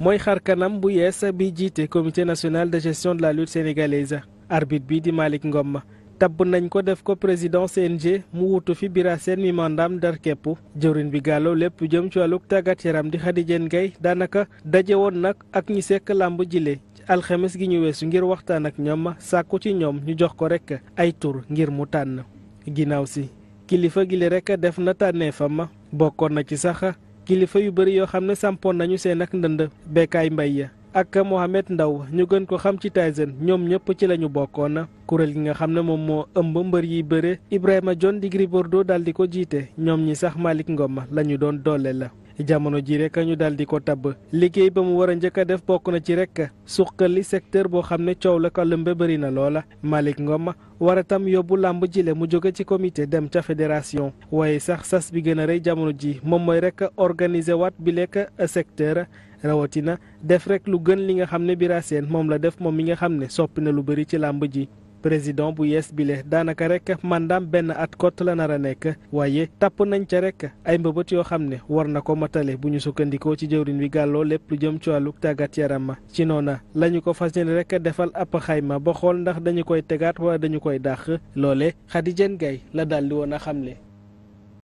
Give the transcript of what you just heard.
mooy xar kanam bu yees bi jiite comité national de gestion de la lutte sénégalaise arbitre bi di Malick Ngom tabb nañ ko def ko président seen CNG mu wutu fi Bira Sène mi mandaam dar képp jëwrin bi gàlloo lépp jëm ci wàllu tàggat yaram di Khady Diène Gaye daanaka daje woon nag ak ñi sekk làmb jile ci alxemes gi ñu weesu ngir waxtaan ak ñoom sàkku ci ñoom ñu jox ko rek ay tur ngir mu tànn ginnaaw si kilifa gi li rek def na tànnee fa ma bokkoon na ci sax kilifa yu bëri yoo xam ne sampoon nañu seen ak ndënd mbay ya ak Mohamed Ndaw ñu gën ko xam ci Tyson ñoom ñëpp ci lañu bokkoon na kuréel gi nga xam ne moom moo ëmb mbër yi bëre Ibrahima John di Gris doo daal di ko jiite ñoom ñi sax Malick Ngom la ñu doon doole la jamono ji rek ñu daal di ko tabb liggéey ba mu war a njëkk a def bokk na ci rek suqali secteur boo xam ne coow la ko lëmbe bëri na malik Malick Ngom war a tam yóbbu làmb ji jile mu jóge ci comité dem ca fédération waaye sax sas bi gën a rëy jamono ji moom mooy rek organiser waat bi lekk secteur rawatina def rek lu gën li nga xam ne Bira Sène moom la def moom mi nga xam ne soppi na lu bari ci làmb ji président bu yees bile daanaka rek mandaam benn at kott la nar a nekk waaye tàpp nañ ca rek ay mbëbët yoo xam ne war na ko matale bu ñu sukkandikoo ci jëwriñ wi gàlloo lépp lu jëm ci wàllu tàggat yaram ci noona la ñu ko fas yéene rek defal ab xayma ba xool ndax dañu koy tegaat wala dañu koy dàq loole Khady Diène Gaye la daal di woon a xamle